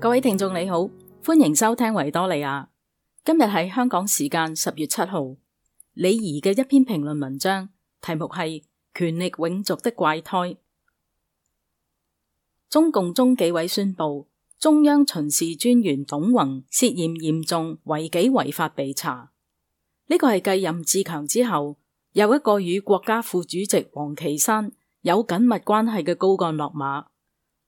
各位聽眾你好，歡迎收聽維多利亞。今日係香港時間十月七號，李怡嘅一篇評論文章，題目係《權力永續的怪胎》。中共中紀委宣佈，中央巡視專員董宏涉嫌嚴重違紀違法被查。呢個係繼任志強之後，又一個與國家副主席王岐山有緊密關係嘅高幹落馬。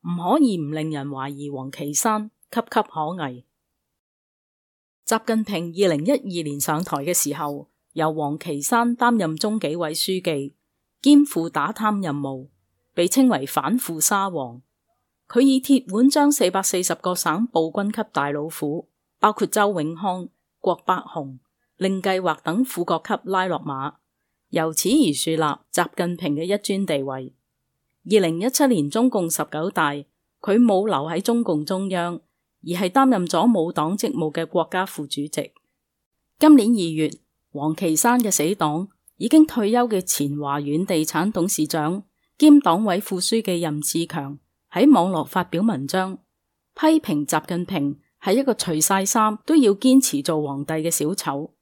唔可以唔令人懷疑王岐山岌岌可危。習近平二零一二年上台嘅時候，由王岐山擔任中紀委書記，肩負打貪任務，被稱為反腐沙皇。佢以鐵腕將四百四十個省部軍級大老虎，包括周永康、郭伯雄、令計劃等副國級拉落馬，由此而樹立習近平嘅一尊地位。二零一七年中共十九大，佢冇留喺中共中央，而係擔任咗冇黨職務嘅國家副主席。今年二月，王岐山嘅死黨，已經退休嘅前華遠地產董事長兼黨委副書記任志強喺網絡發表文章，批評習近平係一個除晒衫都要堅持做皇帝嘅小丑。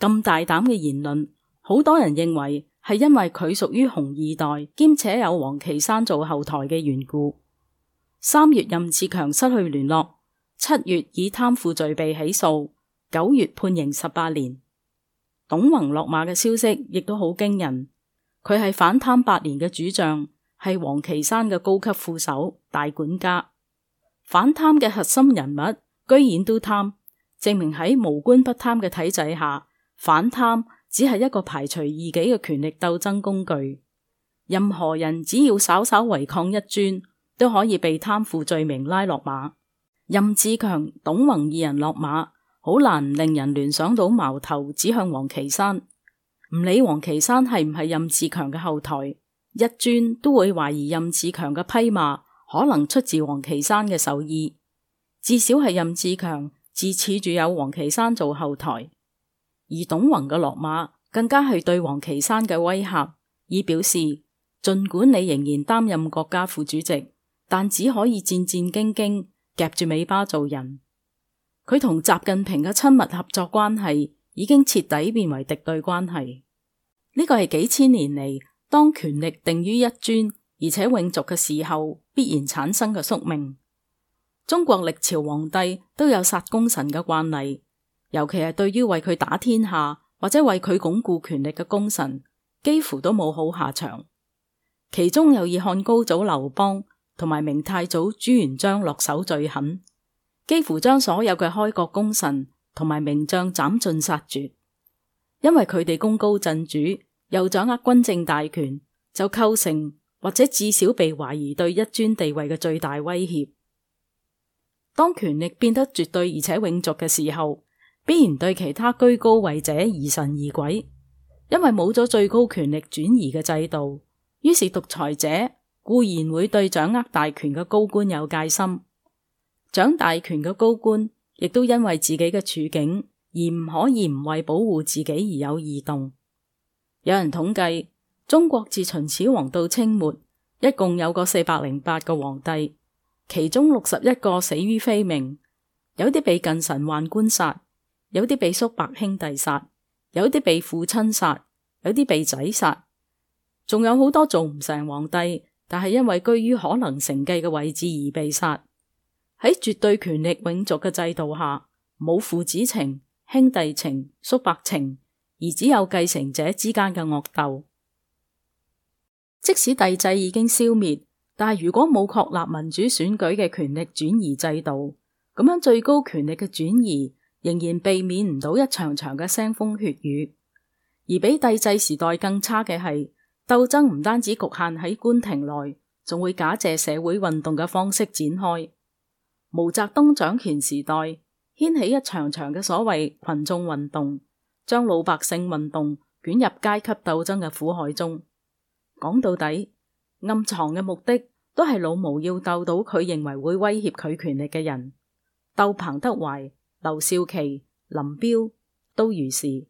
咁大膽嘅言論，好多人認為。係因為佢屬於紅二代，兼且有王岐山做後台嘅緣故。三月任志強失去聯絡，七月以貪腐罪被起訴，九月判刑十八年。董宏落馬嘅消息亦都好驚人。佢係反貪八年嘅主將，係王岐山嘅高級副手、大管家，反貪嘅核心人物，居然都貪，證明喺無官不貪嘅體制下，反貪。只係一個排除異己嘅權力鬥爭工具。任何人只要稍稍違抗一尊，都可以被貪腐罪名拉落馬。任志強、董宏二人落馬，好難令人聯想到矛頭指向王岐山。唔理王岐山係唔係任志強嘅後台，一尊都會懷疑任志強嘅批罵可能出自王岐山嘅授意。至少係任志強自恃住有王岐山做後台。而董宏嘅落馬更加係對王岐山嘅威嚇，以表示盡管你仍然擔任國家副主席，但只可以戰戰兢兢夾住尾巴做人。佢同習近平嘅親密合作關係已經徹底變為敵對關係。呢個係幾千年嚟當權力定於一尊而且永續嘅時候必然產生嘅宿命。中國歷朝皇帝都有殺功臣嘅慣例。尤其係對於為佢打天下或者為佢鞏固權力嘅功臣，幾乎都冇好下場。其中又以漢高祖劉邦同埋明太祖朱元璋落手最狠，幾乎將所有嘅開國功臣同埋名將斬盡殺絕。因為佢哋功高震主，又掌握軍政大權，就構成或者至少被懷疑對一尊地位嘅最大威脅。當權力變得絕對而且永續嘅時候。必然對其他居高位者疑神疑鬼，因為冇咗最高權力轉移嘅制度，於是獨裁者固然會對掌握大權嘅高官有戒心，掌大權嘅高官亦都因為自己嘅處境而唔可以唔為保護自己而有異動。有人統計，中國自秦始皇到清末，一共有個四百零八個皇帝，其中六十一個死於非命，有啲被近臣宦官殺，有啲被叔伯兄弟殺，有啲被父親殺，有啲被仔殺，仲有好多做唔成皇帝，但係因為居於可能承繼嘅位置而被殺。喺絕對權力永續嘅制度下，冇父子情、兄弟情、叔伯情，而只有繼承者之間嘅惡鬥。即使帝制已經消滅，但係如果冇確立民主選舉嘅權力轉移制度，咁樣最高權力嘅轉移。仍然避免唔到一場場嘅腥風血雨，而比帝制時代更差嘅係，鬥爭唔單止局限喺官廷內，仲會假借社會運動嘅方式展開。毛澤東掌權時代，掀起一場場嘅所謂群眾運動，將老百姓運動捲入階級鬥爭嘅苦海中。講到底，暗藏嘅目的都係老毛要鬥到佢認為會威脅佢權力嘅人，鬥彭德懷。劉少奇、林彪都如是，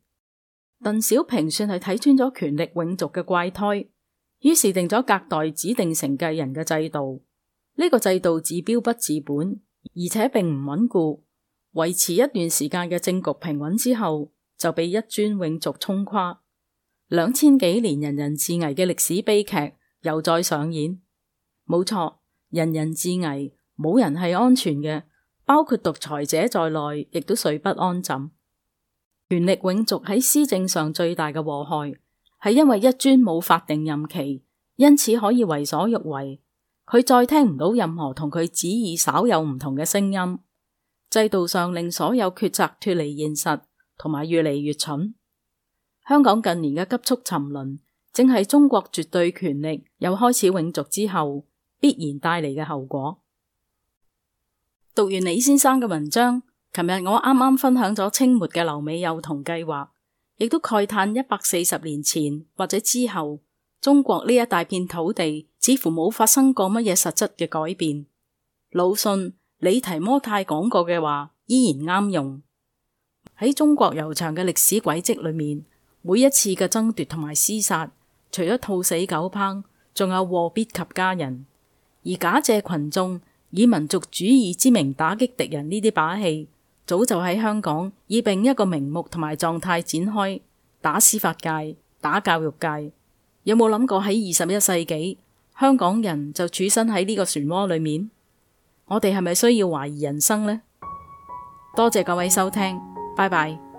鄧小平算係睇穿咗權力永續嘅怪胎，於是定咗隔代指定承繼人嘅制度。呢個制度治標不治本，而且並唔穩固，維持一段時間嘅政局平穩之後，就被一尊永續衝垮。兩千幾年人人自危嘅歷史悲劇又再上演。冇錯，人人自危，冇人係安全嘅。包括獨裁者在內，亦都睡不安枕。權力永續喺施政上最大嘅禍害，係因為一尊冇法定任期，因此可以為所欲為。佢再聽唔到任何同佢旨意稍有唔同嘅聲音，制度上令所有決策脫離現實，同埋越嚟越蠢。香港近年嘅急速沉淪，正係中國絕對權力有開始永續之後必然帶嚟嘅後果。讀完李先生嘅文章，琴日我啱啱分享咗清末嘅留美幼童計劃，亦都慨嘆一百四十年前或者之後，中國呢一大片土地似乎冇發生過乜嘢實質嘅改變。魯迅、李提摩太講過嘅話依然啱用。喺中國悠長嘅歷史軌跡裏面，每一次嘅爭奪同埋廝殺，除咗兔死狗烹，仲有禍必及家人，而假借群眾。以民族主義之名打擊敵人呢啲把戲，早就喺香港以另一個名目同埋狀態展開，打司法界，打教育界。有冇諗過喺二十一世紀，香港人就處身喺呢個漩渦裏面？我哋係咪需要懷疑人生呢？多謝各位收聽，拜拜。